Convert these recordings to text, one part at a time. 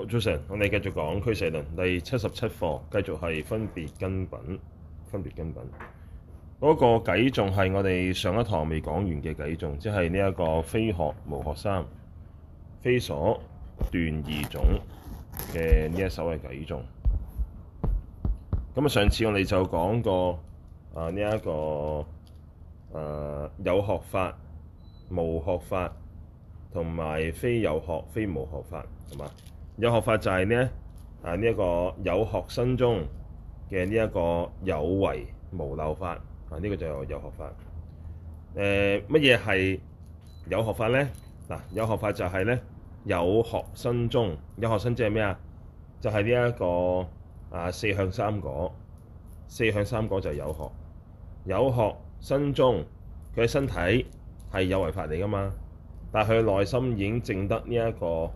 我哋繼續講俱舍論第七十七課，繼續係分別根品，分別根品嗰、那個偈仲係我哋上一堂未講完嘅偈仲，即係呢一個非學無學三、非所斷二種嘅呢一首嘅偈仲。咁啊，上次我哋就講過啊呢一、這個誒、啊、有學法、無學法，同埋非有學、非無學法，係嘛？有學法就係呢，啊呢一、這個有學身中嘅呢一個有為無漏法，啊呢、這個就有學法。誒、啊，乜嘢係有學法咧？嗱、啊，有學法就係咧有學身中，有學身即係咩啊？就係呢一個啊四向三果，四向三果就有學，有學身中佢嘅身體係有為法嚟噶嘛，但係佢內心已經證得呢一個。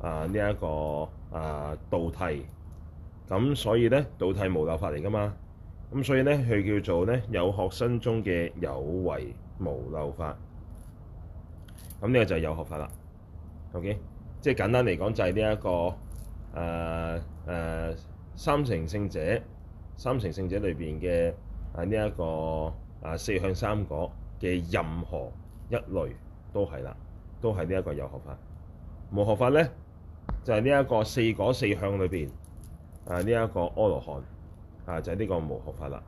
啊呢一個啊道諦，咁所以咧道諦無漏法嚟噶嘛，咁所以咧佢叫做咧有學身中嘅有為無漏法，咁呢個就係有學法啦。OK，即係簡單嚟講就係呢一個誒誒、啊啊、三乘聖者，三乘聖者裏邊嘅啊呢一個啊四向三果嘅任何一類都係啦，都係呢一個有學法，無學法咧？就係呢一個四果四向裏面，誒呢一個阿羅漢，啊就係、是、呢個無學法啦。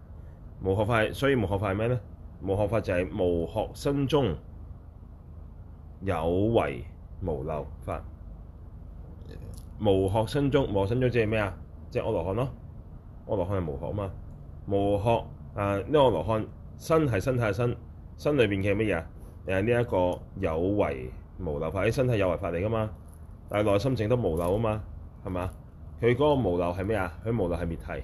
無學法，所以無學法係咩咧？無學法就係無學身中有為無漏法。無學身中，無學身中即係咩啊？即、就、係、是、阿羅漢咯。阿羅漢係無學啊嘛。無學誒呢個阿羅漢身係身，身，係身身裏面嘅係乜嘢啊？誒呢一個有為無漏法，啲身體有為法嚟噶嘛？但內心整得無漏啊嘛，係嘛？佢嗰個無漏係咩啊？佢無漏係滅諦，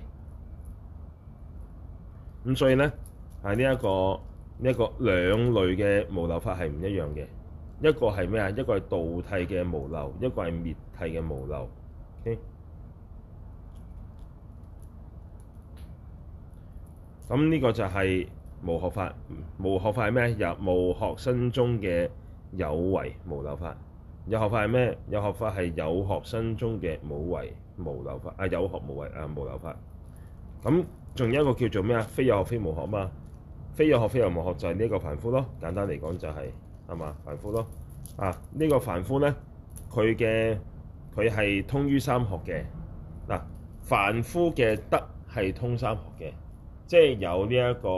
咁所以咧係呢一個呢一個兩類嘅無漏法係唔一樣嘅，一個係咩啊？一個係道諦嘅無漏，一個係滅諦嘅無漏。okay? 咁呢個就係無學法，無學法係咩？入無學身中嘅有為無漏法。有學法係咩？有學法係有學身中嘅無為無漏法啊，有學無為啊，無漏法。咁、啊、仲有一個叫做咩啊？非有學非無學啊嘛，非有學非有無學就係呢個凡夫咯。簡單嚟講就係係嘛凡夫咯啊。呢、這個凡夫咧，佢嘅佢係通於三學嘅嗱、啊，凡夫嘅德係通三學嘅，即係有呢、這、一個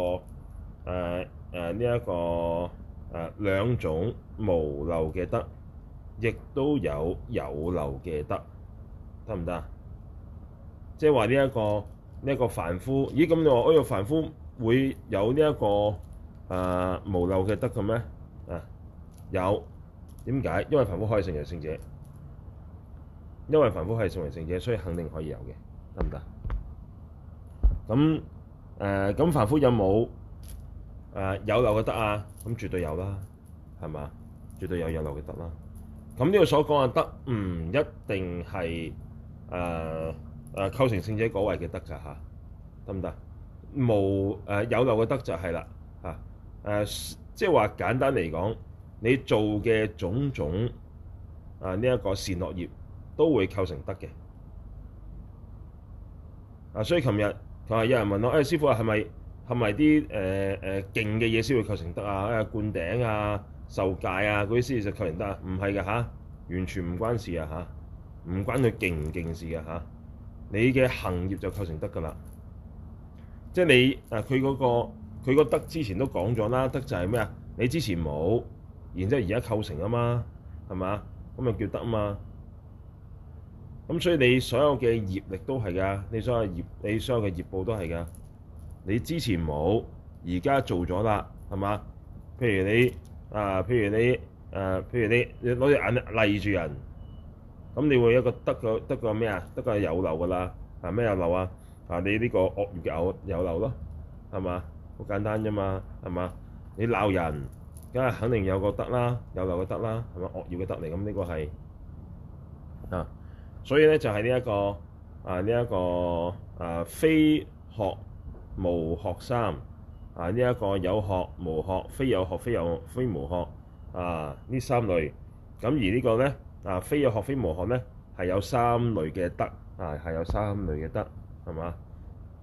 誒誒呢一個誒、呃、兩種無漏嘅德。亦都有有漏嘅得，得唔得啊？即係話呢一個呢一、這個凡夫，咦？咁你話哦，凡夫會有呢、這、一個誒、呃、無漏嘅得咁咩？啊，有點解？因為凡夫可以成為聖者，因為凡夫係成為聖者，所以肯定可以有嘅，得唔得？咁誒咁凡夫有冇誒有漏嘅得啊？咁、呃、絕對有啦，係嘛？絕對有有漏嘅得啦。咁呢個所講嘅得唔一定係誒誒構成聖者嗰位嘅得㗎嚇，得唔得？冇誒、呃、有漏嘅得就係啦嚇誒，即係話簡單嚟講，你做嘅種種啊呢一、這個善惡業都會構成得嘅。啊，所以琴日同埋有人問我誒、哎，師傅啊，係咪係咪啲誒誒勁嘅嘢先會構成得啊？誒，灌頂啊！受戒啊！嗰啲先至就構成得，唔係嘅嚇，完全唔關事啊！嚇、啊，唔關佢勁唔勁事嘅、啊、嚇、啊。你嘅行業就構成得噶啦，即係你啊，佢嗰、嗰個佢個得之前都講咗啦，得就係咩啊？你之前冇，然之後而家構成啊嘛，係嘛？咁咪叫得啊嘛。咁所以你所有嘅業力都係㗎，你所有嘅業，你所有嘅業報都係㗎。你之前冇，而家做咗啦，係嘛？譬如你。啊，譬如你，誒、啊，譬如你，你攞隻眼嚟勵住人，咁你會有一個得個得個咩啊？得個有漏噶啦，啊咩有漏啊？你這個、啊你呢個惡語有有漏咯，係嘛？好簡單啫嘛，係嘛？你鬧人，梗係肯定有個得啦，有漏嘅得啦，係咪惡語嘅得嚟？咁呢個係啊，所以咧就係呢一個啊呢一、這個啊，啊非學無學三。係呢一個有學無學，非有學非有非無學啊！呢三類咁，而呢個咧啊，非有學非無學咧係有三類嘅得，啊，係有三類嘅得，係嘛？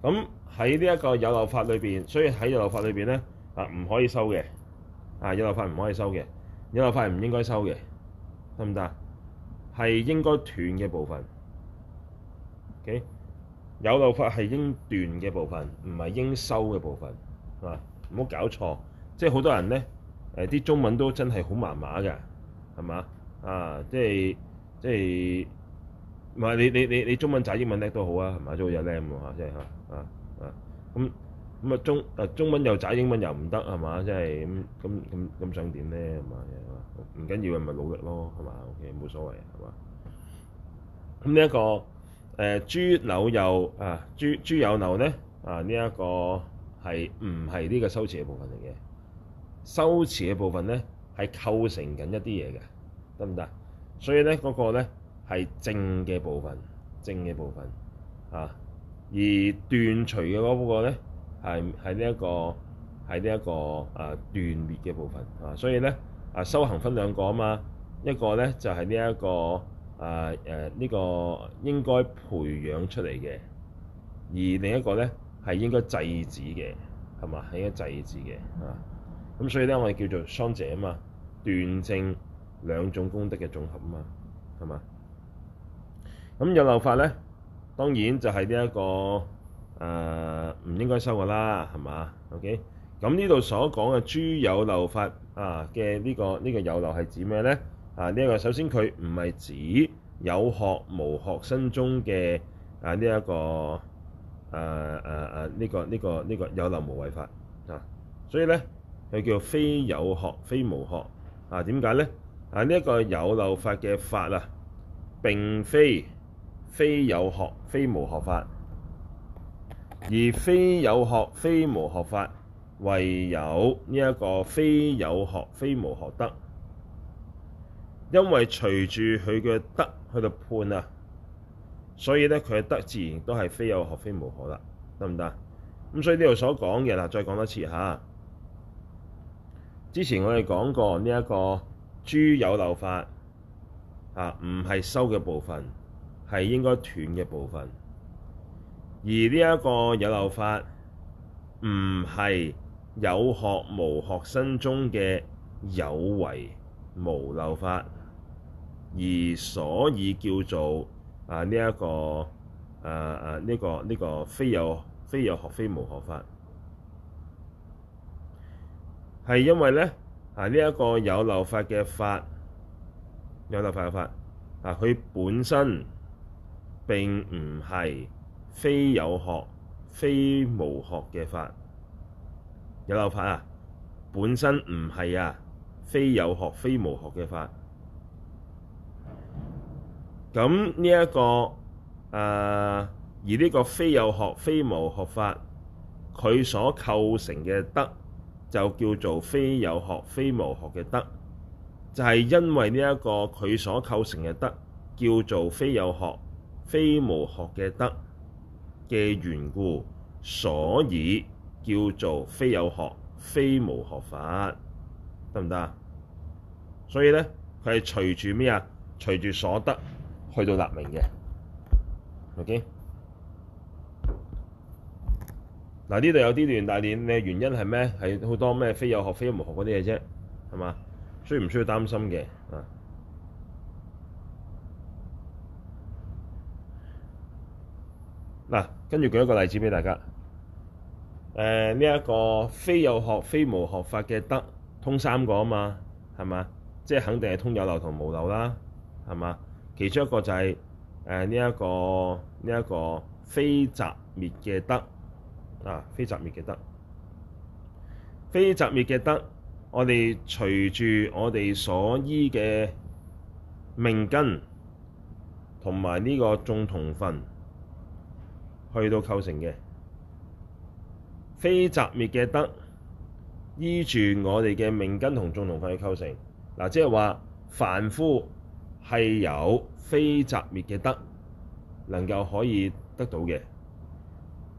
咁喺呢一個有漏法裏邊，所以喺有漏法裏邊咧啊，唔可以收嘅啊，有漏法唔可以收嘅，有漏法係唔應該收嘅，得唔得？係應該斷嘅部分。Okay? 有漏法係應斷嘅部分，唔係應收嘅部分。係唔好搞錯，即係好多人咧，啊啲中文都真係好麻麻嘅，係嘛？啊，即係即係唔係你你你你中文渣英文叻都好係嘛、嗯、啊，係嘛？最好有叻咁嚇，即係啊啊！咁咁啊中啊中文又渣，英文又唔得，係嘛？即係咁咁咁咁想點咧？係嘛，唔緊要啊，咪、就是、努力咯，係嘛？O K，冇所謂係嘛？咁呢一個豬柳、呃、又，啊，豬豬有牛咧啊呢一個。係唔係呢個修持嘅部分嚟嘅？修持嘅部分咧，係構成緊一啲嘢嘅，得唔得？所以咧，嗰個咧係正嘅部分，正嘅部分啊，而斷除嘅嗰個咧係係呢一個係呢一個啊斷滅嘅部分啊，所以咧啊，修行分兩個啊嘛，一個咧就係呢一個啊誒呢、啊呢個應該培養出嚟嘅，而另一個咧。係應該制止嘅，係嘛？係應該制止嘅啊！咁所以咧，我哋叫做雙者啊嘛，斷證兩種功德嘅綜合啊嘛，係嘛？咁有漏法咧，當然就係呢一個誒唔、呃、應該修嘅啦，係嘛？OK。咁呢度所講嘅諸有漏法啊嘅呢、這個呢、這個有漏係指咩咧？啊呢一、這個首先佢唔係指有學無學身中嘅啊呢一、這個。誒誒誒，呢個呢個呢個有漏無為法啊，啊啊這個這個這個、法所以咧佢叫非有學非無學啊？點解咧？啊呢一個有漏法嘅法啊，並非非有學,非無學,非,有學非無學法，而非有學非無學法唯有呢一個非有學非無學得，因為隨住佢嘅得去到判啊。所以咧，佢得自然都係非有學非無學啦，得唔得？咁所以呢度所講嘅嗱，再講多次嚇。之前我哋講過呢一個諸有漏法啊，唔係修嘅部分，係應該斷嘅部分。而呢一個有漏法，唔係有學無學身中嘅有為無漏法，而所以叫做。啊！呢一個啊啊呢個呢個非有非有學非無學法，係因為咧啊呢一個有漏法嘅法，有漏法嘅法啊，佢本身並唔係非有學非無學嘅法，有漏法啊，本身唔係啊，非有學非無學嘅法。咁呢一個誒、呃，而呢個非有學非無學法，佢所構成嘅得，就叫做非有學非無學嘅得，就係、是、因為呢一個佢所構成嘅得叫做非有學非無學嘅得嘅緣故，所以叫做非有學非無學法，得唔得啊？所以咧，佢係隨住咩啊？隨住所得。去到立明嘅，OK？嗱，呢度有啲亂大亂嘅原因係咩？係好多咩非有學非無學嗰啲嘢啫，係嘛？需唔需要擔心嘅？嗱、啊，跟住舉一個例子俾大家。誒、呃，呢、這、一個非有學非無學法嘅得通三個啊嘛，係嘛？即係肯定係通有漏同無漏啦，係嘛？其中一個就係誒呢一個呢一，這個非擇滅嘅得啊，非擇滅嘅得，非擇滅嘅得，我哋隨住我哋所依嘅命根同埋呢個眾同分去到構成嘅非擇滅嘅得，依住我哋嘅命根同眾同分去構成嗱、啊，即係話凡夫。係有非擇滅嘅得，能夠可以得到嘅。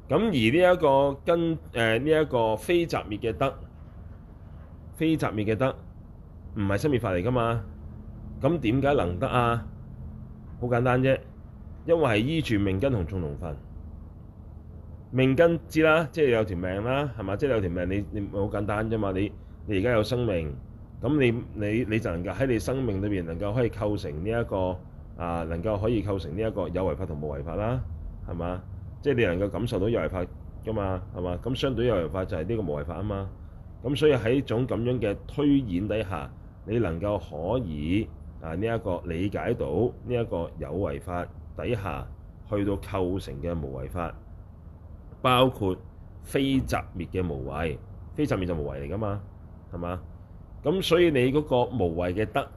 咁而呢一個根，誒呢一個非擇滅嘅得，非擇滅嘅得，唔係生滅法嚟噶嘛？咁點解能得啊？好簡單啫，因為係依住命根同眾同分。命根知啦，即係有條命啦，係嘛？即係有條命，你你好簡單啫嘛？你你而家有生命。咁你你你就能夠喺你生命裏面能夠可以構成呢、這、一個啊，能夠可以構成呢一個有漏法同無漏法啦，係嘛？即、就、係、是、你能夠感受到有漏法㗎嘛，係嘛？咁相對有漏法就係呢個無漏法啊嘛。咁所以喺一種咁樣嘅推演底下，你能夠可以啊呢一、這個理解到呢一個有漏法底下去到構成嘅無漏法，包括非擇滅嘅無為，非擇滅就無為嚟㗎嘛，係嘛？咁所以你嗰個無為嘅得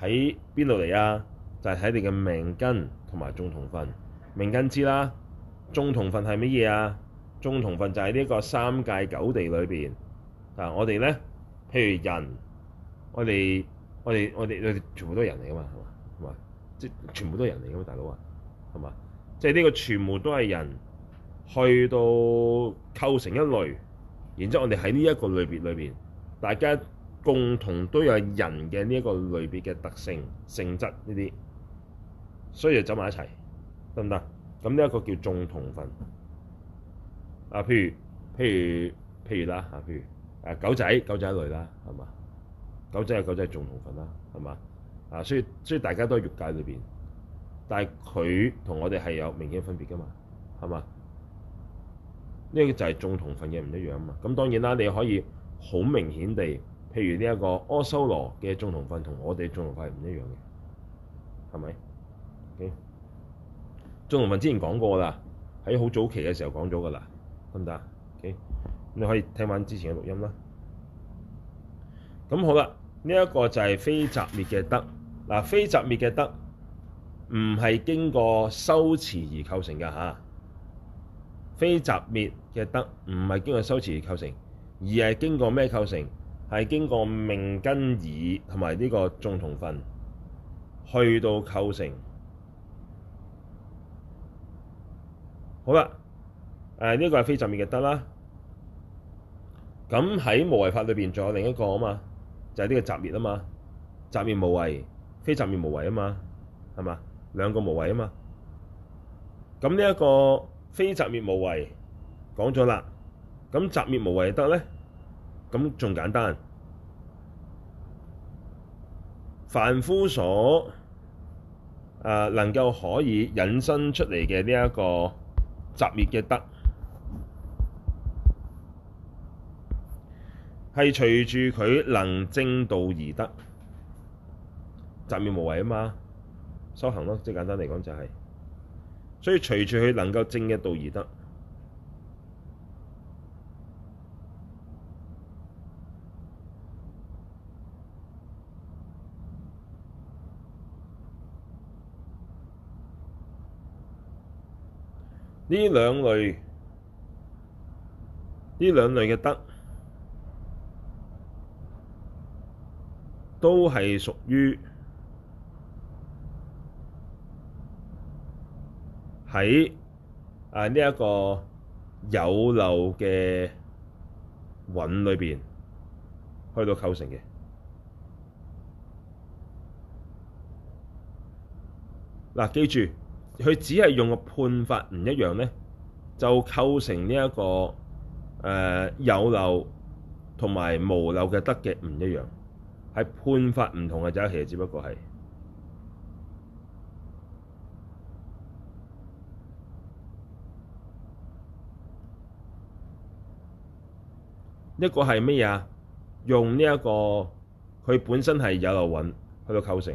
喺邊度嚟啊？就係、是、喺你嘅命根同埋眾同分。命根知啦。眾同分係咩嘢啊？眾同分就係呢一個三界九地裏面。嗱、啊，我哋咧，譬如人，我哋我哋我哋我哋全部都係人嚟噶嘛，係嘛？同埋即係全部都係人嚟噶嘛，大佬啊，係嘛？即係呢個全部都係人去到構成一類，然之後我哋喺呢一個類別裏面，大家。共同都有人嘅呢一個類別嘅特性性質呢啲，所以就走埋一齊，得唔得？咁呢一個叫眾同分。啊，譬如譬如譬如啦，啊譬如誒、啊、狗仔狗仔類啦，係嘛？狗仔係狗仔係眾同分啦，係嘛？啊，所以所以大家都喺欲界裏邊，但係佢同我哋係有明顯分別㗎嘛，係、這個、嘛？呢個就係眾同分嘅唔一樣啊嘛。咁當然啦，你可以好明顯地。譬如呢一個阿修羅嘅眾同分，同我哋眾同分係唔一樣嘅，係咪？眾、okay? 同分之前講過啦，喺好早期嘅時候講咗㗎啦，得唔得？Okay? 你可以聽翻之前嘅錄音啦。咁好啦，呢、這、一個就係非擇滅嘅得嗱，非擇滅嘅得唔係經過修持而構成嘅嚇，非擇滅嘅得唔係經過修持而構成，而係經過咩構成？係經過命根兒同埋呢個眾同分去到構成好了，好、呃、啦，誒、這、呢個係非擇滅嘅得啦。咁喺無為法裏面，仲有另一個啊嘛，嘛，嘛，就係呢個擇滅啊嘛，擇滅無為、非擇滅無為啊嘛，係嘛兩個無為啊嘛。咁呢一個非擇滅無為講咗啦，咁擇滅無為得咧？咁仲簡單，凡夫所能夠可以引生出嚟嘅呢一個擇滅嘅得，係隨住佢能證道而得，擇滅無為啊嘛，修行咯，即係簡單嚟講就係、是，所以隨住佢能夠證一道而得。呢兩類，呢兩類嘅得，都係屬於喺啊呢一個有漏嘅蘊裏邊去到構成嘅。嗱、啊，記住。佢只係用個判法唔一樣咧，就構成呢、這、一個誒、呃、有漏同埋無漏嘅得嘅唔一樣，係判法唔同嘅啫。其實只不過係一、這個係乜嘢啊？用呢、這、一個佢本身係有漏揾去到構成。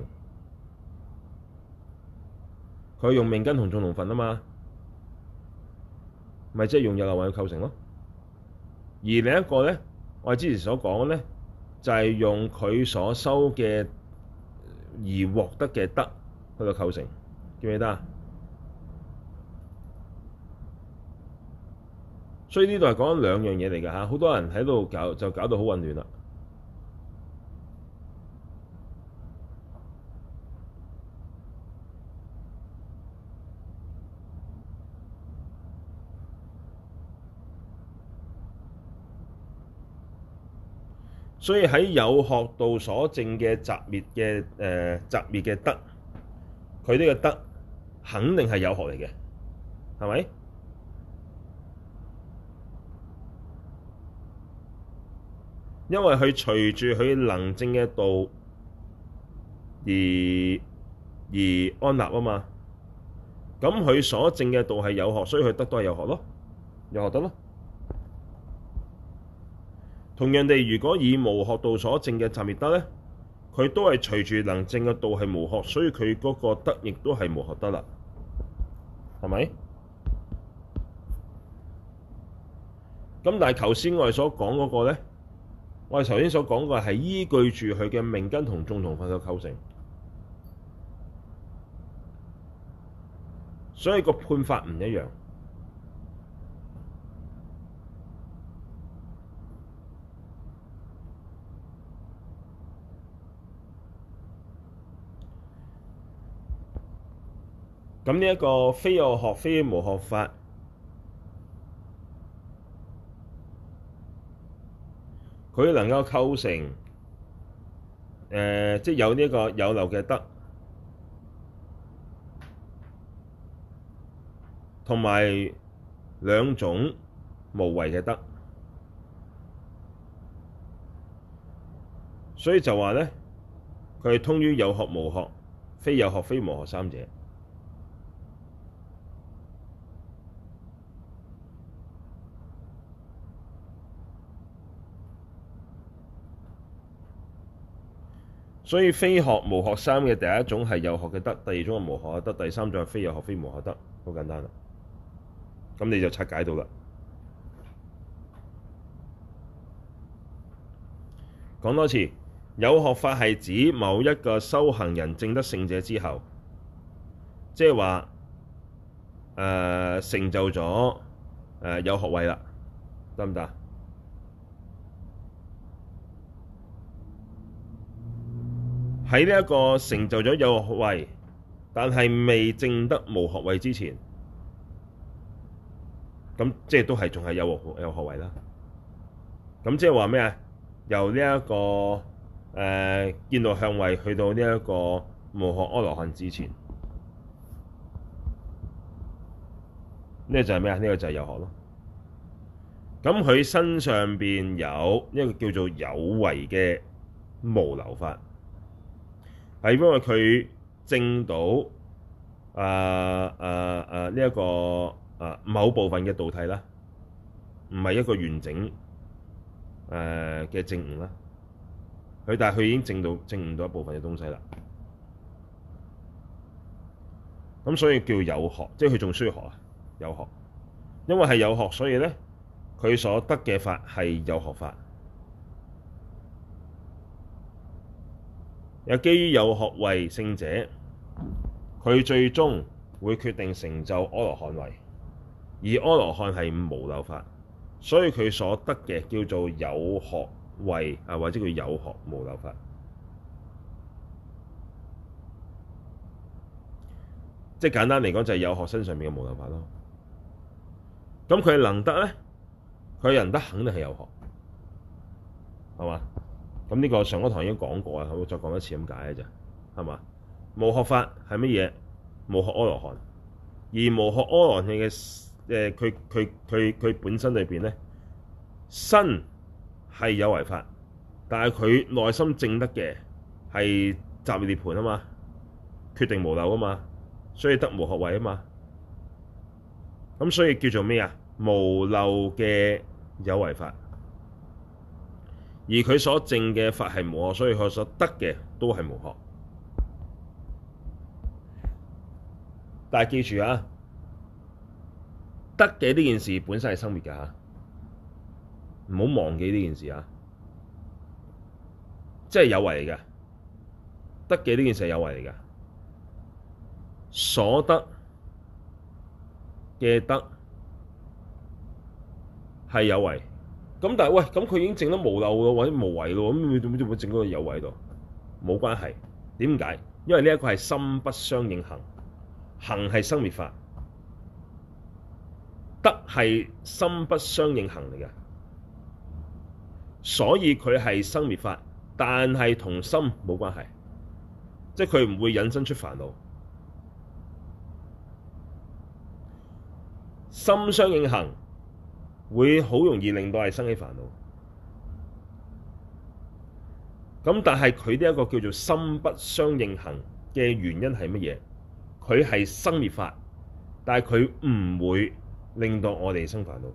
佢用命根同眾同分啊嘛，咪即係用有漏云去構成咯。而另一個咧，我哋之前所講咧，就係、是、用佢所收嘅而獲得嘅德去到構成，記唔記得啊？所以呢度係講兩樣嘢嚟嘅。嚇，好多人喺度搞就搞到好混亂啦。所以喺有學道所證嘅擇滅嘅誒擇滅嘅得，佢呢個得肯定係有學嚟嘅，係咪？因為佢隨住佢能證嘅道而而安立啊嘛，咁佢所證嘅道係有學，所以佢得都係有學咯，有學得咯。同樣地，如果以無學道所證嘅擇滅得咧，佢都係隨住能證嘅道係無學，所以佢嗰個得亦都係無學得啦，係咪？咁但係頭先我哋所講嗰個咧，我哋頭先所講個係依據住佢嘅命根同眾同分嘅構,構成，所以個判法唔一樣。咁呢一個非有學非無學法，佢能夠構成誒，即係有呢一個有漏嘅得，同埋兩種無為嘅得，所以就話咧，佢係通於有學無學、非有學非無學三者。所以非學無學三嘅第一種係有學嘅得，第二種係無學嘅得，第三種係非有學非無學得，好簡單啦。咁你就拆解，解到啦。講多次，有學法係指某一個修行人證得聖者之後，即係話成就咗、呃、有學位啦，得唔得？喺呢一個成就咗有學位，但係未證得無學位之前，咁即係都係仲係有學有學位啦。咁即係話咩啊？由呢、這、一個誒、呃、見道向位去到呢一個無學阿羅漢之前，呢、這個就係咩啊？呢、這個就係有學咯。咁佢身上邊有一個叫做有為嘅無漏法。係因為佢證到啊啊啊呢一個啊、呃、某部分嘅道諦啦，唔係一個完整誒嘅、呃、證悟啦。佢但係佢已經證到證悟到一部分嘅東西啦。咁所以叫有學，即係佢仲需要學啊。有學，因為係有學，所以咧佢所得嘅法係有學法。有基於有學位聖者，佢最終會決定成就阿羅漢位，而阿羅漢係無漏法，所以佢所得嘅叫做有學位啊，或者叫有學無漏法，即係簡單嚟講就係有學身上面嘅無漏法咯。咁佢能得咧，佢能得肯定係有學，係嘛？咁呢個上嗰堂已經講過啊，我再講一次咁解嘅啫，係嘛？無學法係乜嘢？無學阿羅漢，而無學阿羅漢佢嘅誒，佢佢佢佢本身裏邊咧，身係有為法，但係佢內心證得嘅，係擇滅涅槃啊嘛，決定無漏啊嘛，所以得無學位啊嘛。咁所以叫做咩啊？無漏嘅有為法。而佢所證嘅法係無學，所以佢所得嘅都係無學。但係記住啊，得嘅呢件事本身係生滅嘅吓，唔好忘記呢件事啊，即係有為嚟嘅。得嘅呢件事係有為嚟嘅，所得嘅得係有為。咁但係喂，咁佢已經整得無漏喎，或者無為喎。咁你做咩仲會整到有為度？冇關係，點解？因為呢一個係心不相應行，行係生滅法，得係心不相應行嚟嘅，所以佢係生滅法，但係同心冇關係，即係佢唔會引生出煩惱，心相應行。會好容易令到係生起煩惱，咁但係佢呢一個叫做心不相應行嘅原因係乜嘢？佢係生滅法，但係佢唔會令到我哋生煩惱，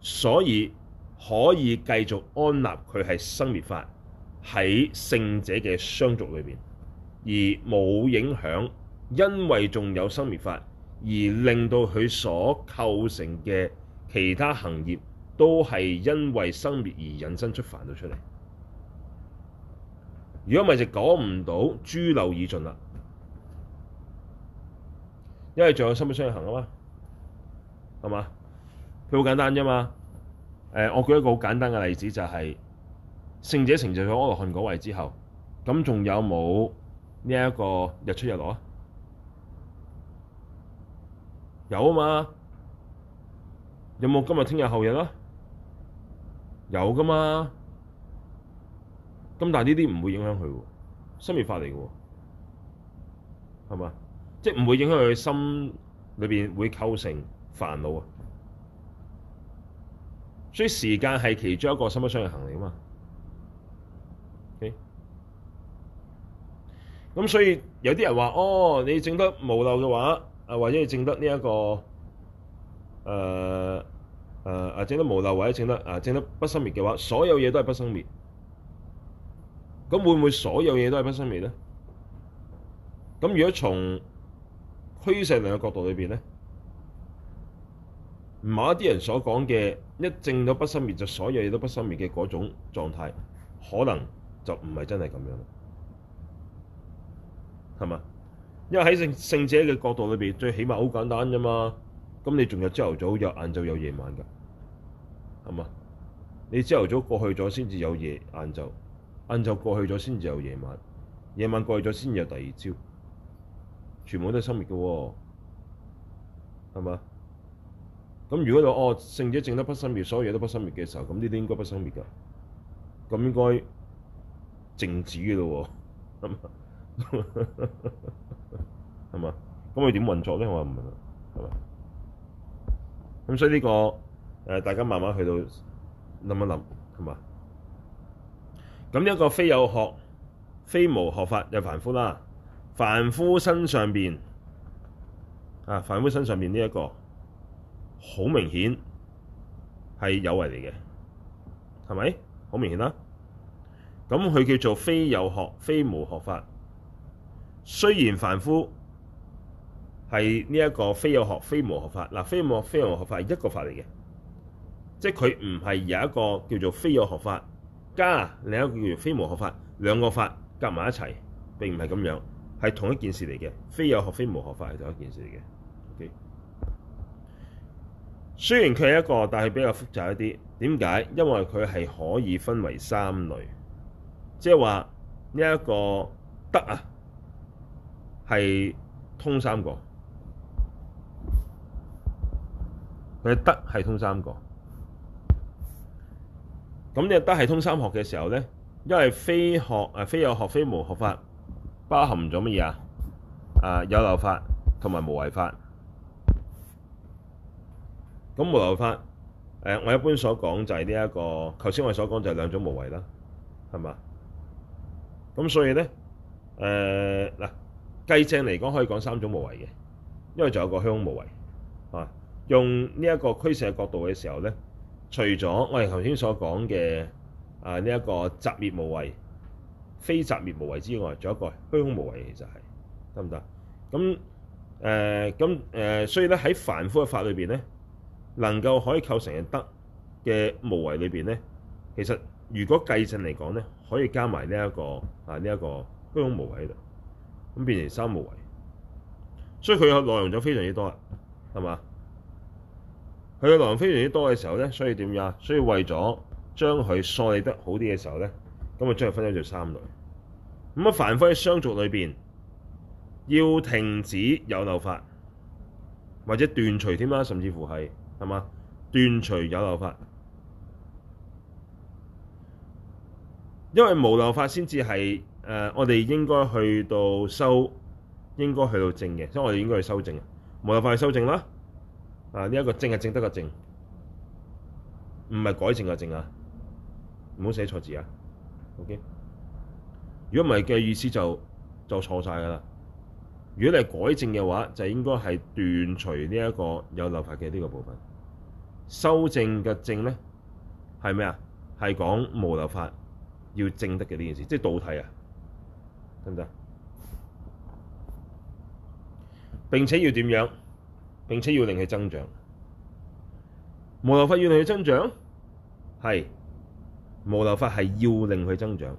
所以可以繼續安納佢係生滅法喺聖者嘅相續裏邊，而冇影響，因為仲有生滅法而令到佢所構成嘅。其他行業都係因為生滅而引申出煩惱出嚟，如果唔係就講唔到諸漏已盡啦，因為仲有心不相應行啊嘛，係嘛？佢好簡單啫嘛。誒，我舉一個好簡單嘅例子就係、是，聖者成就咗阿羅漢果位之後，咁仲有冇呢一個日出日落啊？有啊嘛。有冇今日、聽日、後日啦？有噶嘛？咁但係呢啲唔會影響佢，心滅法嚟嘅喎，係嘛？即係唔會影響佢心裏邊會構成煩惱啊！所以時間係其中一個心不相應行嚟啊嘛。咁、okay? 所以有啲人話：哦，你整得無漏嘅話，啊或者你整得呢、這、一個？誒誒誒，證得無漏，或者證得誒證、uh, 得不生滅嘅話，所有嘢都係不生滅。咁會唔會所有嘢都係不生滅咧？咁如果從虛實人嘅角度裏邊咧，某啲人所講嘅一證到不生滅，就所有嘢都不生滅嘅嗰種狀態，可能就唔係真係咁樣啦。係咪？因為喺聖聖者嘅角度裏邊，最起碼好簡單啫嘛。咁你仲有朝頭早有晏晝有夜晚㗎，係嘛？你朝頭早過去咗先至有夜晏晝，晏晝過去咗先至有夜晚，夜晚過去咗先至有第二朝。全部都係生滅嘅喎，係嘛？咁如果就哦聖者淨得不生滅，所有嘢都不生滅嘅時候，咁呢啲應該不生滅㗎，咁應該靜止嘅咯喎，係嘛？係 嘛？咁佢點運作咧？我唔明，係嘛？咁所以呢個誒，大家慢慢去到諗一諗，係嘛？咁一個非有學、非無學法嘅凡夫啦，凡夫身上邊啊，凡夫身上邊呢一個好明顯係有為嚟嘅，係咪？好明顯啦。咁佢叫做非有學、非無學法，雖然凡夫。係呢一個非有學非無學法嗱，非有學非無學法係一個法嚟嘅，即係佢唔係有一個叫做非有學法加另一個叫做非無學法兩個法夾埋一齊，並唔係咁樣，係同一件事嚟嘅。非有學非無學法係同一件事嚟嘅。Okay? 雖然佢係一個，但係比較複雜一啲。點解？因為佢係可以分為三類，即係話呢一個得啊，係通三個。佢得係通三個，咁你得係通三學嘅時候咧，因為非學誒非有學非無學法包含咗乜嘢啊？啊有漏法同埋無為法，咁無漏法，誒我一般所講就係呢一個，頭先我所講就係兩種無為啦，係嘛？咁所以咧，誒嗱計正嚟講可以講三種無為嘅，因為仲有個虛空無為用呢一個俱舍角度嘅時候咧，除咗我哋頭先所講嘅啊，呢、這、一個擇滅無為、非擇滅無為之外，仲有一個虛空無為，其實係得唔得？咁誒咁誒，所以咧喺凡夫嘅法裏邊咧，能夠可以構成嘅得嘅無為裏邊咧，其實如果計盡嚟講咧，可以加埋呢一個啊呢一、這個虛空無為喺度，咁變成三無為，所以佢嘅內容就非常之多啦，係嘛？佢嘅量非常之多嘅時候咧，所以點樣呀？所以為咗將佢梳理得好啲嘅時候咧，咁啊將佢分咗做三類。咁啊，凡夫喺相續裏邊要停止有漏法，或者斷除添啦，甚至乎係，係嘛，斷除有漏法，因為無漏法先至係誒，我哋應該去到修，應該去到證嘅，所以我哋應該去修證嘅，無漏法去修證啦。啊！呢一個證係證得個證，唔係改正個正啊！唔好寫錯字啊。OK，如果唔係嘅意思就就錯晒噶啦。如果你係改正嘅話，就應該係斷除呢一個有漏法嘅呢個部分。修正嘅正咧係咩啊？係講無漏法要證得嘅呢件事，即係道體啊，得唔得？並且要點樣？並且要令佢增長。無漏法要令佢增長？係，無漏法係要令佢增長。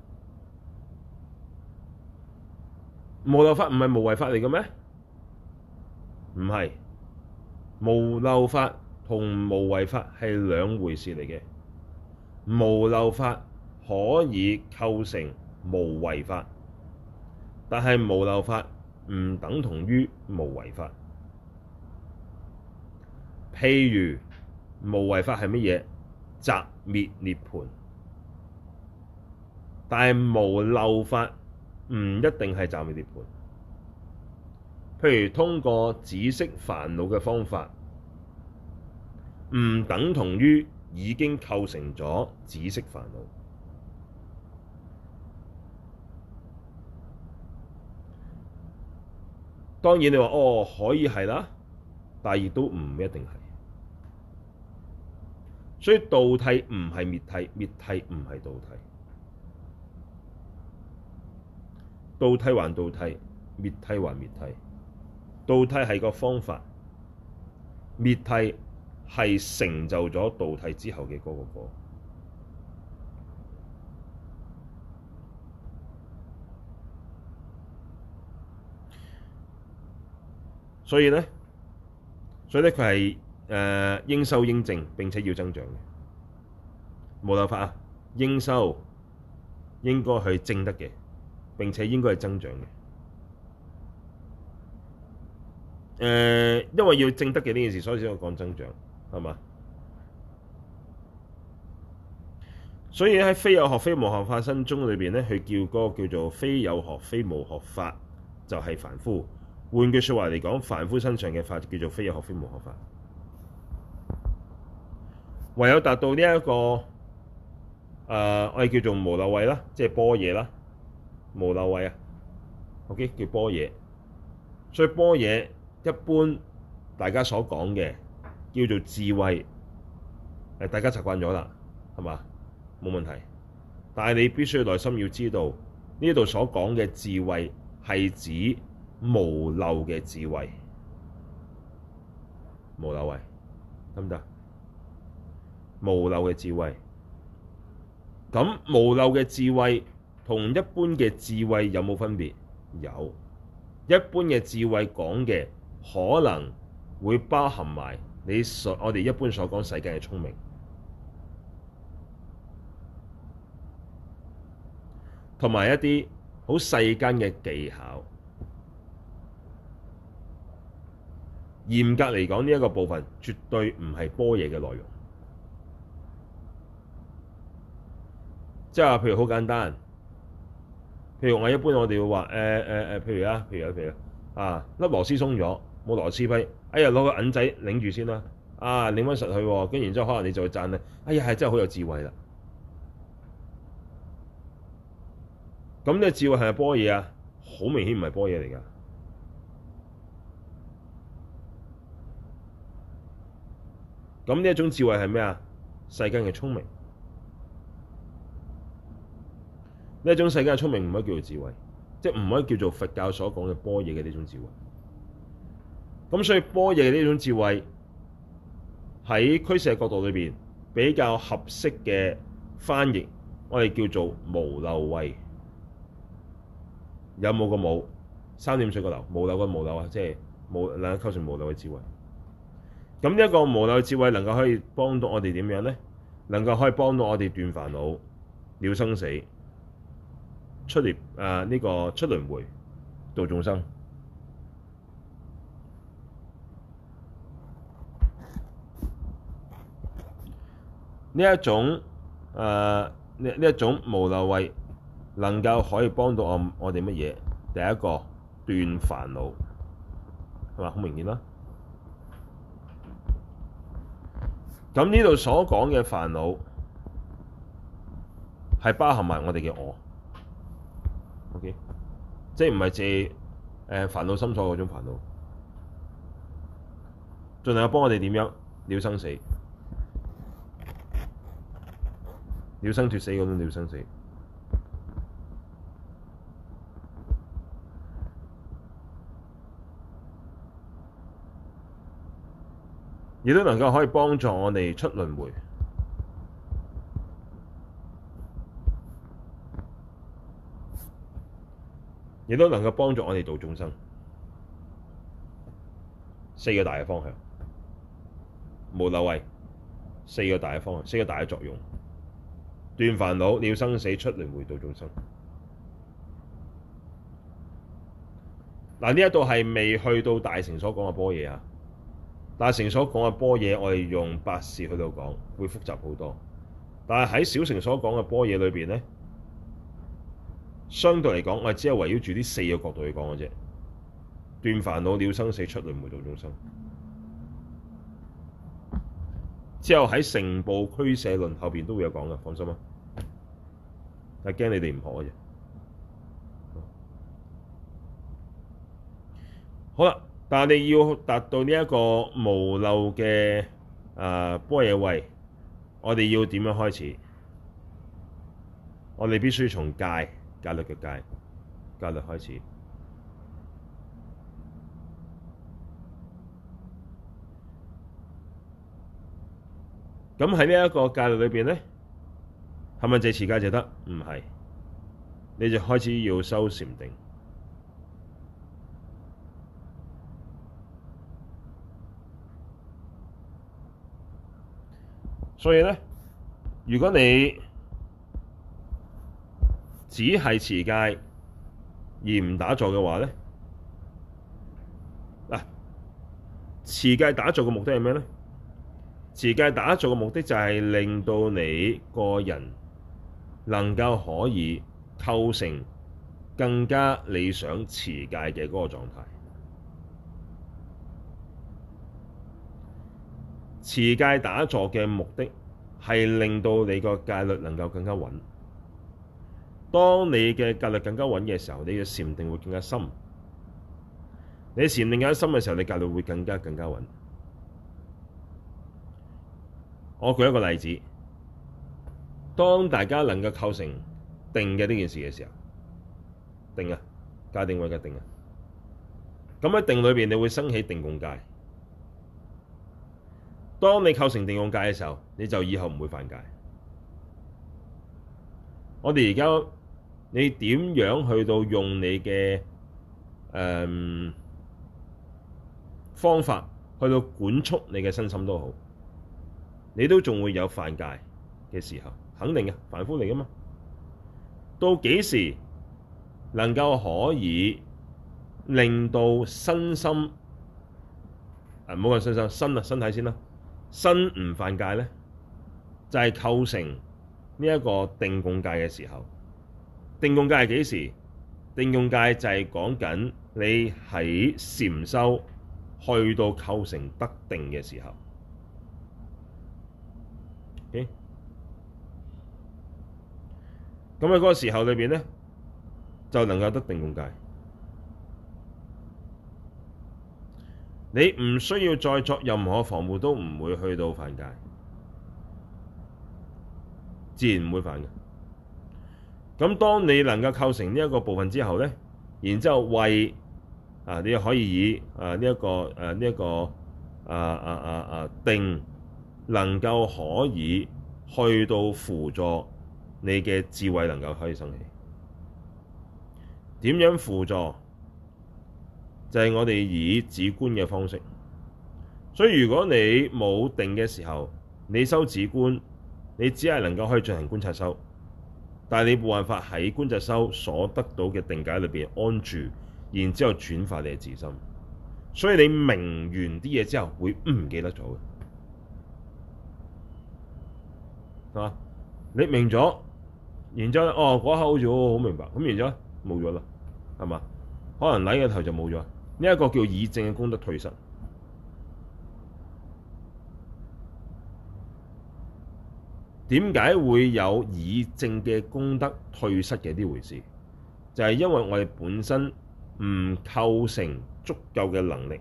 無漏法唔係無為法嚟嘅咩？唔係。無漏法同無為法係兩回事嚟嘅。無漏法可以構成無為法，但係無漏法唔等同於無為法。譬如無為法係乜嘢？擇滅涅槃，但係無漏法唔一定係擇滅涅槃。譬如通過止息煩惱嘅方法，唔等同於已經構成咗止息煩惱。當然你話哦，可以係啦，但亦都唔一定係。所以道諦唔係滅諦，滅諦唔係道諦，道諦還道諦，滅諦還滅諦，道諦係個方法，滅諦係成就咗道諦之後嘅嗰個果。所以咧，所以咧佢係。誒、uh, 應修應證，並且要增長嘅無漏法啊！應修應該去證得嘅，並且應該係增長嘅。誒、uh,，因為要證得嘅呢件事，所以先我講增長係嘛？所以喺非有學非無學法身中裏邊咧，佢叫嗰個叫做非有學非無學法，就係、是、凡夫，換句説話嚟講，凡夫身上嘅法叫做非有學非無學法。唯有達到呢、這、一個，誒、呃，我哋叫做無漏慧啦，即係般若啦，無漏慧啊，OK，叫般若。所以般若一般大家所講嘅叫做智慧，大家習慣咗啦，係嘛，冇問題。但係你必須要內心要知道呢度所講嘅智慧係指無漏嘅智慧，無漏慧，得唔得？無漏嘅智慧，咁無漏嘅智慧同一般嘅智慧有冇分別？有，一般嘅智慧講嘅可能會包含埋你所我哋一般所講世間嘅聰明，同埋一啲好世間嘅技巧。嚴格嚟講，呢一個部分絕對唔係般若嘅內容。即係話，譬如好簡單，譬如我一般我，我哋會話誒誒誒，譬如啊，譬如啊，譬如啊，啊，粒螺絲鬆咗，冇螺絲批，哎呀，攞個銀仔擰住先啦，啊，擰翻實佢，跟住然之後可能你就會讚咧，哎呀，係真係好有智慧啦。咁呢個智慧係咪波嘢啊？好明顯唔係波嘢嚟噶。咁呢一種智慧係咩啊？世間嘅聰明。呢一種世界嘅聰明唔可以叫做智慧，即係唔可以叫做佛教所講嘅般若嘅呢種智慧。咁所以般若嘅呢種智慧喺俱舍嘅角度裏邊比較合適嘅翻譯，我哋叫做無漏慧。有冇個冇？三點水個流，冇漏個冇漏啊！即係冇兩溝船冇漏嘅智慧。咁一個無漏嘅智慧能夠可以幫到我哋點樣咧？能夠可以幫到我哋斷煩惱、了生死。出嚟，誒、呃、呢、這個出輪迴、度眾生，呢一種誒呢呢一種無漏慧，能夠可以幫到我我哋乜嘢？第一個斷煩惱係嘛？好明顯啦。咁呢度所講嘅煩惱係包含埋我哋嘅我。O.K.，即係唔係借誒煩惱心所嗰種煩惱，盡量幫我哋點樣了生死，了生脫死嗰種了生死，亦都能夠可以幫助我哋出輪迴。亦都能夠幫助我哋度眾生，四個大嘅方向，無漏慧，四個大嘅方向，四個大嘅作用，斷煩惱、了生死、出輪回、度眾生。嗱，呢一度係未去到大乘所講嘅般若啊，大乘所講嘅般若，我哋用八字去到講，會複雜好多。但係喺小乘所講嘅般若裏面呢。相對嚟講，我只係圍繞住呢四個角度去講嘅啫。斷煩惱、了生死、，出輪迴，度眾生。之後喺成部俱舍論後邊都會有講嘅，放心啦。但係驚你哋唔學嘅啫。好啦，但係你要達到呢一個無漏嘅呃，般若慧，我哋要點樣開始？我哋必須從戒。戒律嘅戒，戒律開始。咁喺呢一個戒律裏邊咧，係咪只持戒就得？唔係，你就開始要修禪定。所以咧，如果你只係持戒而唔打坐嘅話咧，嗱、啊，持戒打坐嘅目的係咩咧？持戒打坐嘅目的就係令到你個人能夠可以構成更加理想持戒嘅嗰個狀態。持戒打坐嘅目的係令到你個戒律能夠更加穩。當你嘅戒律更加穩嘅時候，你嘅禪定會更加深。你禪定更加深嘅時候，你戒律會更加更加穩。我舉一個例子，當大家能夠構成定嘅呢件事嘅時候，定啊，戒定慧，嘅定啊，咁喺定裏面，你會升起定共戒。當你構成定共戒嘅時候，你就以後唔會犯戒。我哋而家。你點樣去到用你嘅誒、嗯、方法去到管束你嘅身心都好，你都仲會有犯戒嘅時候，肯定嘅，凡夫嚟噶嘛？到幾時能夠可以令到身心，唔好講身心，身啊，身體先啦，身唔犯戒咧，就係、是、構成呢一個定共戒嘅時候。定共戒係幾時？定共戒就係講緊你喺禪修去到構成得定嘅時候，咁喺嗰個時候裏面呢，就能夠得定共戒。你唔需要再作任何防護，都唔會去到犯戒，自然唔會犯嘅。咁當你能夠構成呢一個部分之後咧，然之後為啊，你又可以以啊呢一、這個誒呢一個啊啊啊啊定能夠可以去到輔助你嘅智慧能夠可以生起。點樣輔助？就係、是、我哋以止觀嘅方式。所以如果你冇定嘅時候，你收止觀，你只係能夠可以進行觀察收。但係你冇辦法喺觀察修所得到嘅定解裏邊安住，然之後轉化你嘅自心，所以你明完啲嘢之後會唔記得咗嘅，係嘛？你明咗，然之後哦嗰刻好似好明白，咁然之後冇咗啦，係嘛？可能舐個頭就冇咗，呢一個叫以正嘅功德退失。點解會有以正嘅功德退失嘅呢回事？就係因為我哋本身唔構成足夠嘅能力，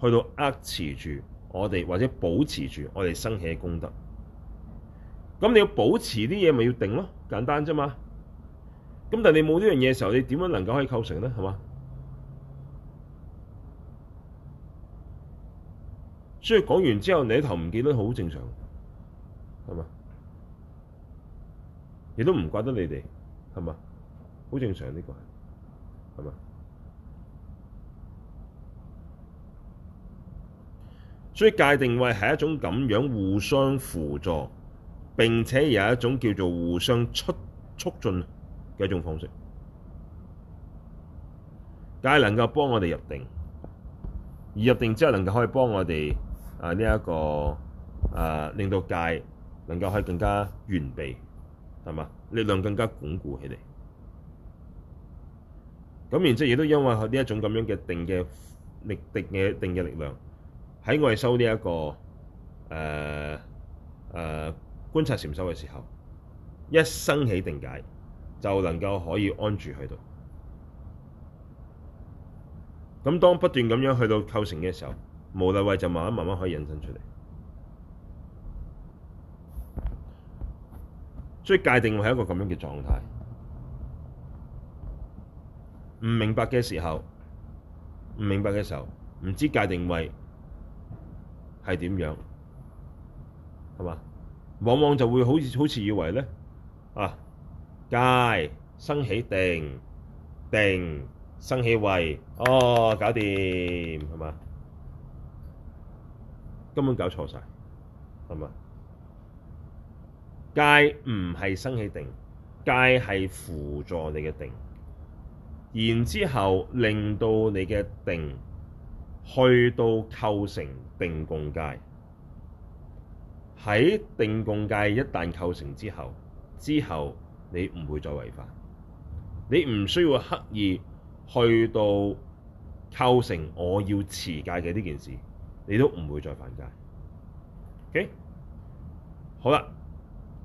去到遏持住我哋或者保持住我哋生起嘅功德。咁你要保持啲嘢，咪要定咯，簡單啫嘛。咁但係你冇呢樣嘢嘅時候，你點樣能夠可以構成咧？係嘛。所以講完之後，你一頭唔記得，好正常，係嘛。亦都唔怪得你哋，係嘛？好、這個、正常呢個，係嘛？所以戒定慧係一種咁樣互相輔助，並且有一種叫做互相促促進嘅一種方式。戒能夠幫我哋入定，而入定之後能夠可以幫我哋啊呢一、這個啊令到戒能夠可以更加完備。係嘛？力量更加鞏固起嚟。咁然之後，亦都因為呢一種咁樣嘅定嘅力、定嘅定嘅力量，喺外修呢、這、一個誒誒、呃呃、觀察禪修嘅時候，一生起定解，就能夠可以安住喺度。咁當不斷咁樣去到構成嘅時候，無漏慧就慢慢慢慢可以引申出嚟。所以戒定慧係一個咁樣嘅狀態，唔明白嘅時候，唔明白嘅時候，唔知戒定慧係點樣，係嘛？往往就會好似好似以為咧，啊，戒生起定，定生起慧，哦，搞掂係嘛？根本搞錯晒。係嘛？戒唔係生起定，戒係輔助你嘅定，然之後令到你嘅定去到構成定共戒。喺定共戒一旦構成之後，之後你唔會再違反。你唔需要刻意去到構成我要持戒嘅呢件事，你都唔會再犯戒。OK，好啦。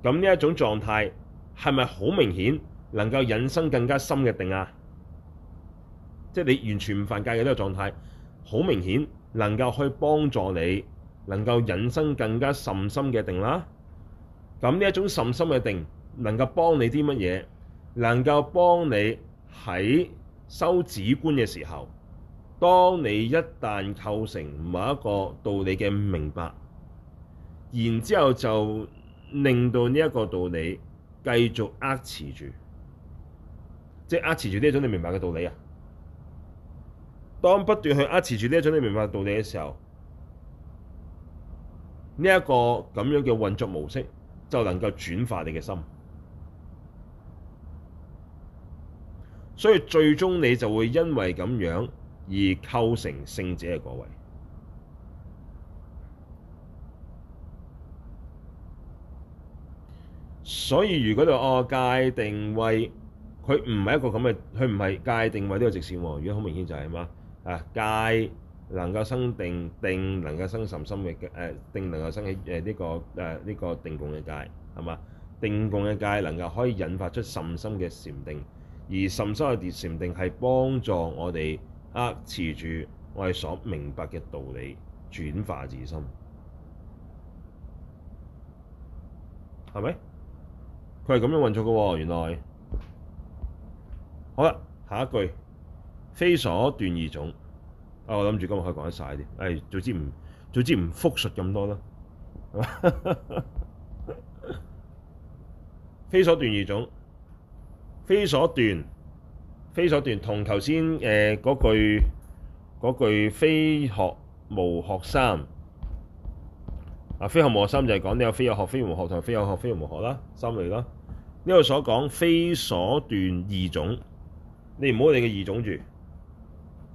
咁呢一種狀態係咪好明顯能夠引生更加深嘅定啊？即係你完全唔犯戒嘅呢個狀態，好明顯能夠去幫助你能夠引生更加甚深嘅定啦。咁呢一種甚深嘅定能夠幫你啲乜嘢？能夠幫你喺修止觀嘅時候，當你一旦構成某一個道理嘅明白，然之後就。令到呢一個道理繼續握持住，即係握持住呢一種你明白嘅道理啊。當不斷去握持住呢一種你明白嘅道理嘅時候，呢一個咁樣嘅運作模式就能夠轉化你嘅心。所以最終你就會因為咁樣而構成聖者嘅果位。所以如果就哦界定位，佢唔係一個咁嘅，佢唔係界定位呢個直線喎，如果好明顯就係、是、嘛啊界能夠生定，定能夠生甚深嘅誒定能夠生起誒呢個誒呢、呃這個定共嘅界係嘛定共嘅界能夠可以引發出甚深嘅禪定，而甚深嘅禪定係幫助我哋啊持住我哋所明白嘅道理轉化自心，係咪？係咁樣運作噶，原來好啦，下一句非所斷二種啊！我諗住今日可以講得晒啲，誒、哎，總之唔總之唔複述咁多啦，係嘛？非所斷二種，非所斷，非所斷同頭先誒嗰句嗰句非學無學三啊，非學無學三就係講呢有非有學，非無學同非有學，非無學啦，三嚟啦。呢度所講非所斷二種，你唔好理嘅二種住。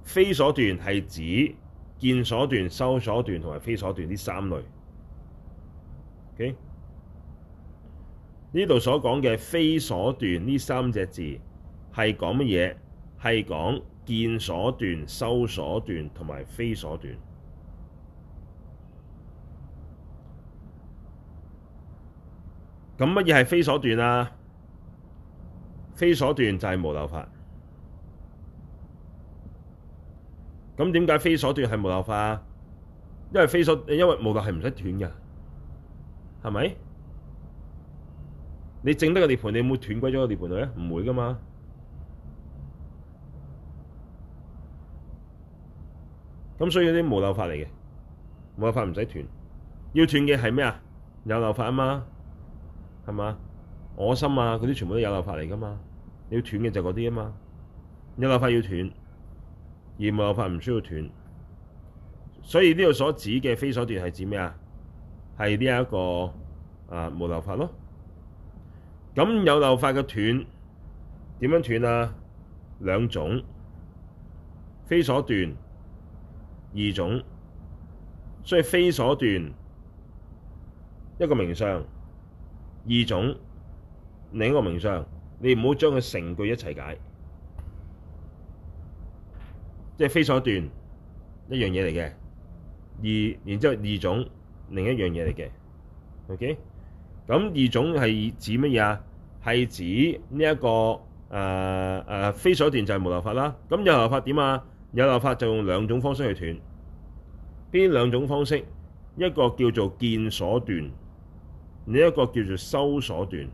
非所斷係指見所斷、修所斷同埋非所斷呢三類。O K，呢度所講嘅非所斷呢三隻字係講乜嘢？係講見所斷、修所斷同埋非所斷。咁乜嘢係非所斷啊？非所斷就係、是、無漏法。咁點解非所斷係無漏法啊？因為非所因為無漏係唔使斷㗎，係咪？你證得個涅槃，你唔會斷鬼咗個涅槃佢咧，唔會噶嘛。咁所以啲無漏法嚟嘅，無漏法唔使斷，要斷嘅係咩啊？有漏法啊嘛，係嘛？我心啊，佢啲全部都有漏法嚟噶嘛。你要斷嘅就嗰啲啊嘛，有漏法要斷，而冇漏法唔需要斷，所以呢度所指嘅非所斷係指咩、這個、啊？係呢一個啊無漏法咯法。咁有漏法嘅斷點樣斷啊？兩種，非所斷二種，所以非所斷一個名相，二種另一個名相。你唔好將佢成句一齊解，即係非所斷一樣嘢嚟嘅。二，然之後二種另一樣嘢嚟嘅，OK。咁二種係指乜嘢啊？係指呢、這、一個誒誒、呃、非所斷就係無漏法啦。咁有漏法點啊？有漏法就用兩種方式去斷，邊兩種方式？一個叫做見所斷，另一個叫做修所斷。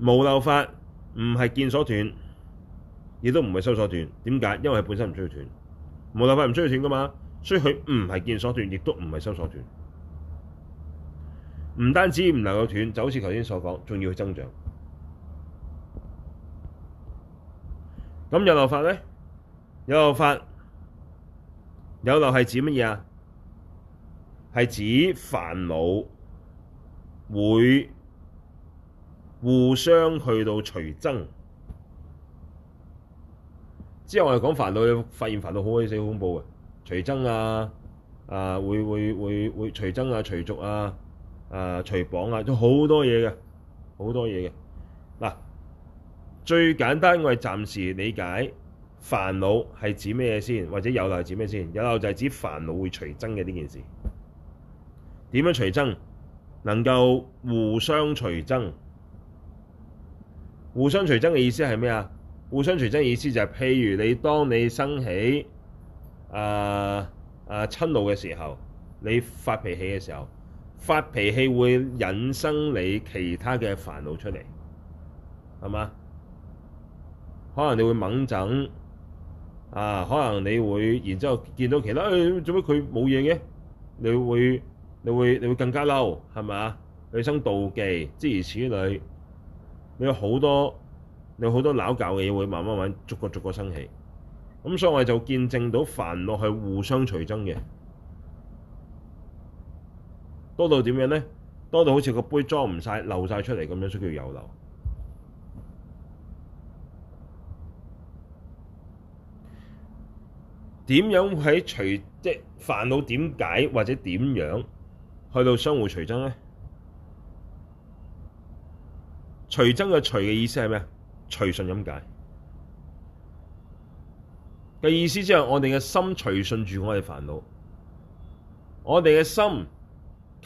無漏法唔係見所斷，亦都唔係修所斷。點解？因為佢本身唔需要斷，無漏法唔需要斷㗎嘛，所以佢唔係見所斷，亦都唔係修所斷。唔單止唔能夠斷，就好似頭先所講，仲要增長。咁有漏法呢？有漏法，有漏係指乜嘢啊？係指煩惱會。互相去到隨增之後，我哋講煩惱，發現煩惱好鬼死恐怖嘅，隨增啊啊，會會會會隨增啊、隨逐啊、啊隨綁啊，都好多嘢嘅，好多嘢嘅嗱。最簡單，我哋暫時理解煩惱係指咩嘢先，或者有漏係指咩先？有漏就係指煩惱會隨增嘅呢件事。點樣隨增？能夠互相隨增？互相隨增嘅意思係咩啊？互相隨增嘅意思就係、是，譬如你當你生起啊啊、呃呃、親怒嘅時候，你發脾氣嘅時候，發脾氣會引生你其他嘅煩惱出嚟，係嘛？可能你會掹憎，啊可能你會，然之後見到其他做乜佢冇嘢嘅，你會你會你會，你會更加嬲，係嘛？女生妒忌，諸如此類。你有好多，你有好多拗教嘅嘢，會慢慢慢慢逐個逐個生起，咁所以我哋就見證到煩惱係互相隨增嘅，多到點樣咧？多到好似個杯裝唔晒，漏晒出嚟咁樣，所以叫有漏。點樣喺隨即煩惱點解或者點樣去到相互隨增咧？隨增嘅隨嘅意思係咩？隨順咁解嘅意思，即係我哋嘅心隨順住我哋煩惱，我哋嘅心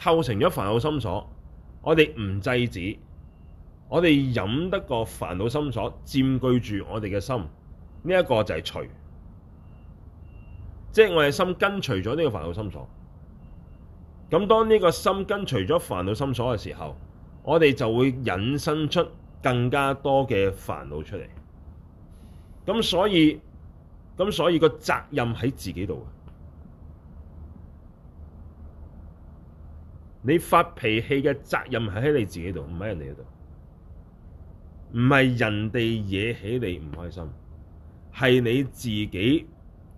構成咗煩惱心所，我哋唔制止，我哋飲得個煩惱心所佔據住我哋嘅心，呢一個就係隨，即係我哋心跟隨咗呢個煩惱心所。咁當呢個心跟隨咗煩惱心所嘅時候。我哋就會引申出更加多嘅煩惱出嚟，咁所以，咁所以個責任喺自己度。你發脾氣嘅責任係喺你自己度，唔喺人哋度。唔係人哋惹起你唔開心，係你自己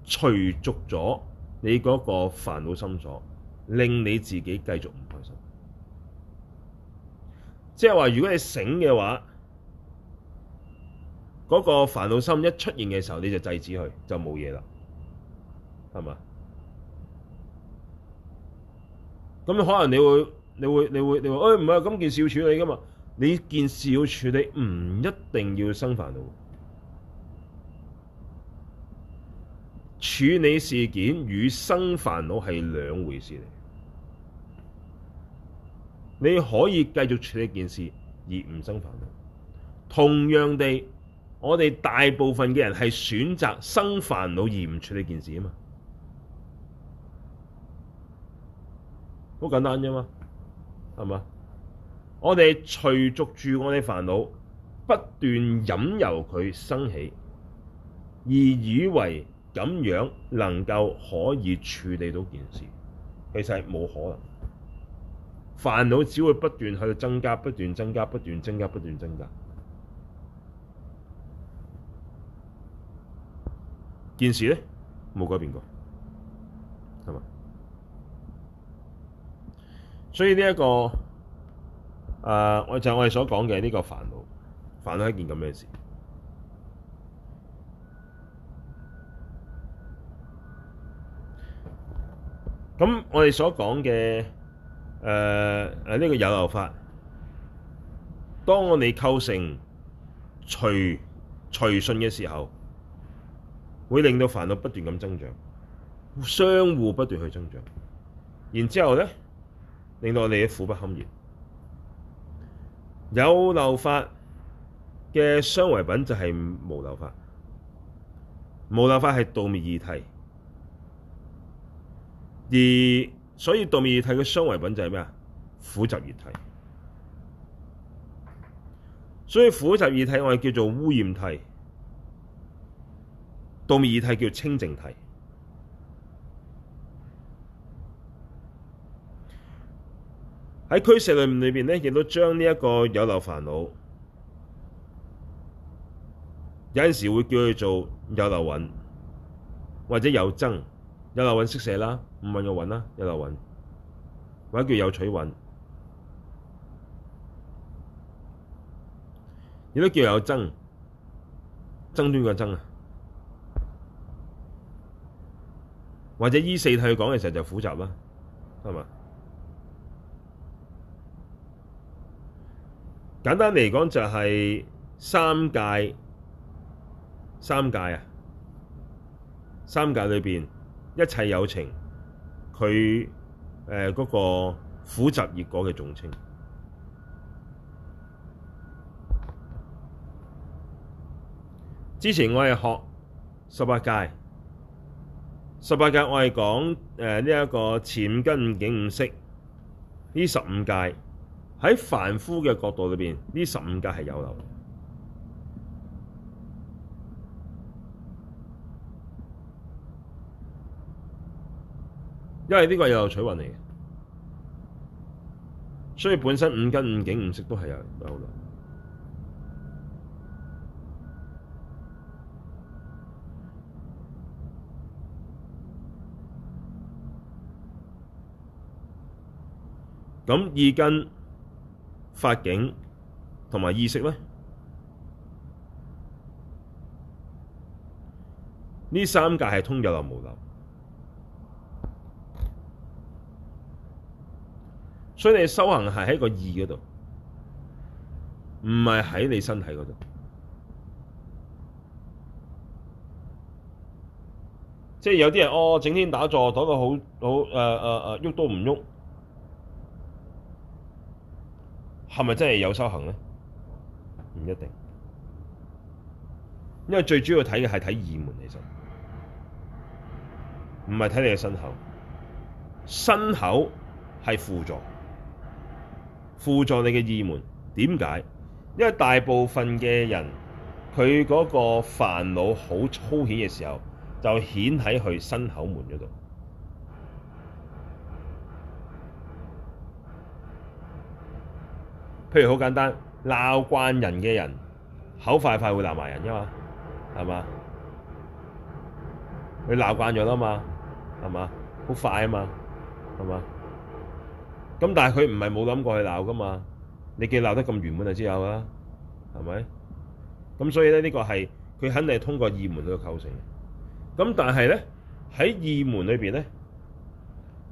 持續咗你嗰個煩惱心所，令你自己繼續。即係話，如果你醒嘅話，嗰個煩惱心一出現嘅時候，你就制止佢，就冇嘢啦，係嘛？咁可能你會、你會、你會、你會，誒，唔係，咁件事要處理噶嘛？你件事要處理，唔一定要生煩惱。處理事件與生煩惱係兩回事嚟。你可以繼續處理件事而唔生煩惱，同樣地，我哋大部分嘅人係選擇生煩惱而唔處理件事啊嘛，好簡單啫嘛，係嘛？我哋隨逐住我哋煩惱不斷引誘佢生起，而以為咁樣能夠可以處理到件事，其實係冇可能。煩惱只會不斷喺度增加，不斷增加，不斷增加，不斷增，增加。件事咧冇改變過，係嘛？所以呢、這個呃就是、一個誒，我就係我哋所講嘅呢個煩惱，煩惱係件咁嘅事。咁我哋所講嘅。誒、呃、誒，呢、這個有漏法，當我哋構成隨隨順嘅時候，會令到煩惱不斷咁增長，相互不斷去增長，然之後咧，令到我哋嘅苦不堪言。有漏法嘅相違品就係無漏法，無漏法係道滅二諦，而所以道滅二諦嘅相違品就係咩啊？苦集二諦，所以苦集二諦我哋叫做污染體，道滅二諦叫清淨體。喺俱舍論裏面咧，亦都將呢一個有漏煩惱，有時會叫佢做有漏蘊或者有諍。有漏蘊識射啦，唔問個蘊啦，有漏蘊，或者叫有取蘊，亦都叫有諍，爭端個爭啊，或者依四諦去講嘅時候就複雜啦，係嘛？簡單嚟講就係三界，三界啊，三界裏邊。一切有情，佢誒嗰個苦集業果嘅總稱。之前我係學十八界，十八界我係講誒呢一個五根五境五識，呢十五界喺凡夫嘅角度裏邊，呢十五界係有漏。因為呢個是有取蘊嚟嘅，所以本身五根五境五識都係有漏嘅。咁意根、法境同埋意識呢，呢三界是通有漏無漏。所以你修行係喺個意嗰度，唔係喺你身體嗰度。即係有啲人哦，整天打坐，打到好好誒誒誒，喐、呃呃、都唔喐，係咪真係有修行咧？唔一定，因為最主要睇嘅係睇意門，其實唔係睇你嘅身口，身口係輔助。輔助你嘅意門，點解？因為大部分嘅人，佢嗰個煩惱好粗顯嘅時候，就顯喺佢身口門嗰度。譬如好簡單，鬧慣人嘅人，口快快會鬧埋人吖嘛，係咪？佢鬧慣咗啦嘛，係咪？好快啊嘛，係咪？咁但係佢唔係冇諗過去鬧噶嘛？你既鬧得咁圓滿就知有啦，係咪？咁所以咧，呢個係佢肯定係通過二門去構成嘅。咁但係咧，喺二門裏面咧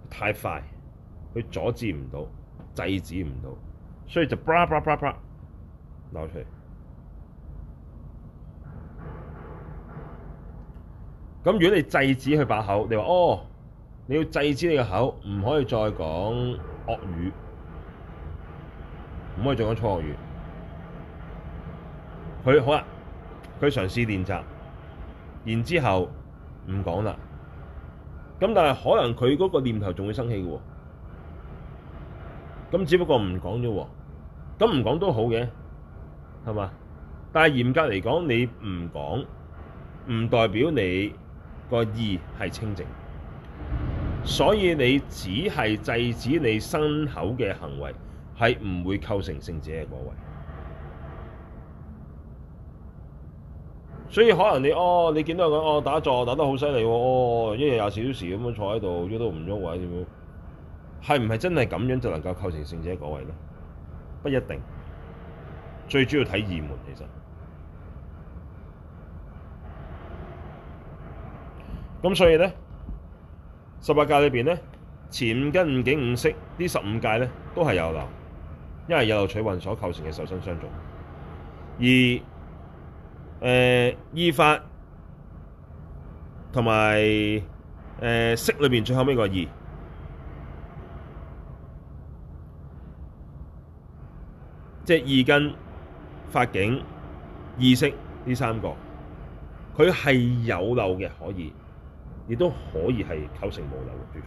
太快，佢阻止唔到，制止唔到，所以就啪啪啪啪鬧出嚟。咁如果你制止佢把口，你話哦，你要制止你個口，唔可以再講。惡語，唔可以再講粗惡語。佢好啦，佢嘗試練習，然之後唔講啦。咁但係可能佢嗰個念頭仲會生氣嘅。咁只不過唔講啫。咁唔講都好嘅，係嘛？但係嚴格嚟講，你唔講，唔代表你個意係清淨。所以你只係制止你身口嘅行為，係唔會構成聖者嘅位。所以可能你哦，你見到佢哦打坐打得好犀利，哦一日廿小時咁樣坐喺度，喐都唔喐位點樣？係唔係真係咁樣就能夠構成聖者嘅位咧？不一定，最主要睇二門其實。咁所以咧。十八界裏邊呢，前五根、五境、五識，呢十五界呢都係有漏，因為有漏取蘊所構成嘅受身相續。而誒、呃、意法同埋誒識裏邊最後尾個意，即、就、係、是、意根、法境、意識呢三個，佢係有漏嘅，可以，亦都可以係構成無漏嘅，最終。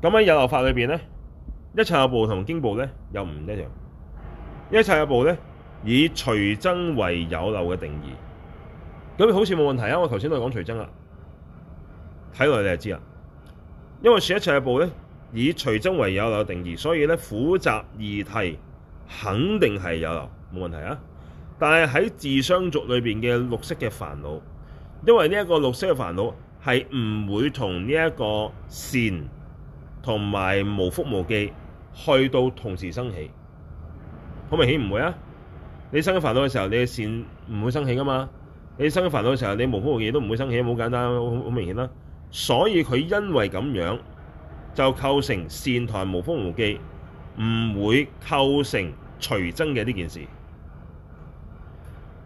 咁喺有漏法裏邊咧，一切有部同經部咧又唔一樣。一切有部咧以隨增為有漏嘅定義，咁好似冇問題啊！我頭先都講隨增啦，睇落你就知啊。因為選一切有部咧以隨增為有漏嘅定義，所以咧苦集二諦肯定係有漏，冇問題啊。但係喺自相續裏邊嘅六識嘅煩惱，因為呢一個六識嘅煩惱係唔會同呢一個善同埋無覆無記去到同時生起，好明顯唔會啊！你生緊煩惱嘅時候，你嘅善唔會生起噶嘛？你生緊煩惱嘅時候，你無覆無記都唔會生起，好簡單，好明顯啦、啊。所以佢因為咁樣就構成善同無覆無記，唔會構成隨增嘅呢件事。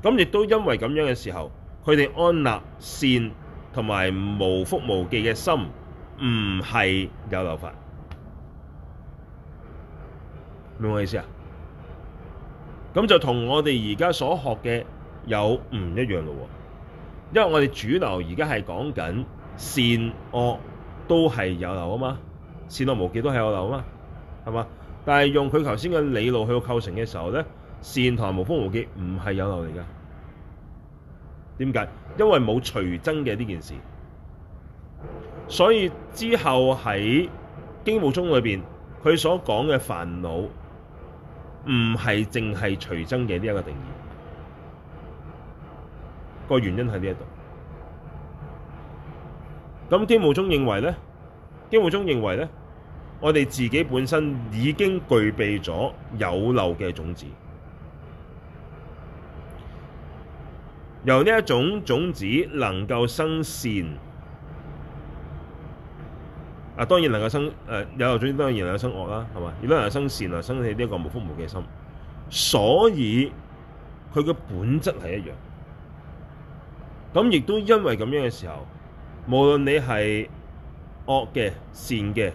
咁亦都因為咁樣嘅時候，佢哋安立善同埋無覆無記嘅心，唔係有漏法，明白我意思啊？咁就同我哋而家所學嘅有唔一樣咯喎，因為我哋主流而家係講緊善惡都係有漏啊嘛，善惡無記都係有漏啊嘛，係嘛？但係用佢頭先嘅理路去構成嘅時候呢。善及無覆無記唔係有漏嚟㗎，點解？因為冇隨增嘅呢件事，所以之後喺經部宗裏邊，佢所講嘅煩惱唔係淨係隨增嘅呢一個定義。個原因喺呢一度。咁經部宗認為咧，經部宗認為咧，我哋自己本身已經具備咗有漏嘅種子。由呢一種種子能夠生善，啊當然能夠生誒、啊、有種子當然亦都生惡啦，係嘛？亦都能人生善啊，生起呢一個無覆無記心，所以佢嘅本質係一樣。咁亦都因為咁樣嘅時候，無論你係惡嘅、善嘅、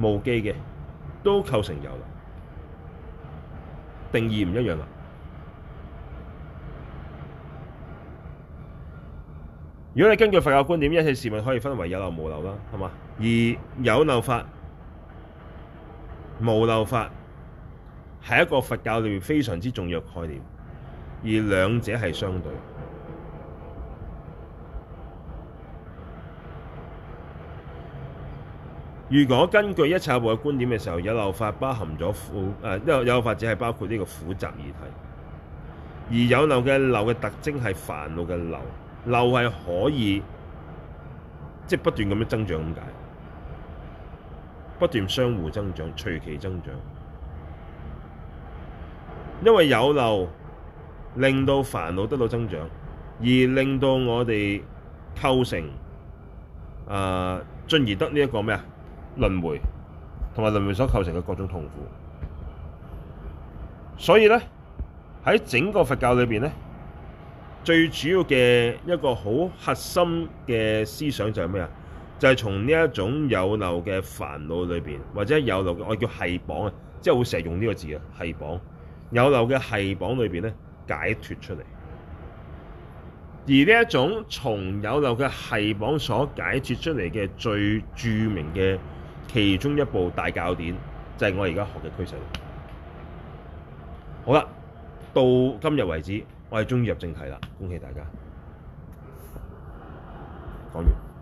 無記嘅，都構成有啦。定義唔一樣啦。如果你根據佛教觀點，一切事物可以分為有漏無漏啦，係嘛？而有漏法、無漏法係一個佛教裏面非常之重要的概念，而兩者係相對。如果根據一切有部嘅觀點嘅時候，有漏法包含咗苦，誒，有有漏法只係包括呢個苦集二諦，而有漏嘅漏嘅特徵係煩惱嘅漏。漏係可以即係不斷咁樣增長咁解，不斷相互增長、隨其增長，因為有漏令到煩惱得到增長，而令到我哋構成啊進而得呢個咩啊輪迴，同埋輪迴所構成嘅各種痛苦。所以呢喺整個佛教裏面呢。最主要嘅一個好核心嘅思想就係咩啊？就係從呢一種有漏嘅煩惱裏邊，或者有漏嘅我叫繫縛，啊，即係會成日用呢個字嘅繫縛，有漏嘅繫縛裏邊咧，解脫出嚟。而呢一種從有漏嘅繫縛所解脫出嚟嘅最著名嘅其中一部大教典，就係我而家學嘅《俱舍》。好啦，到今日為止。我哋終於入正題啦！恭喜大家，講完。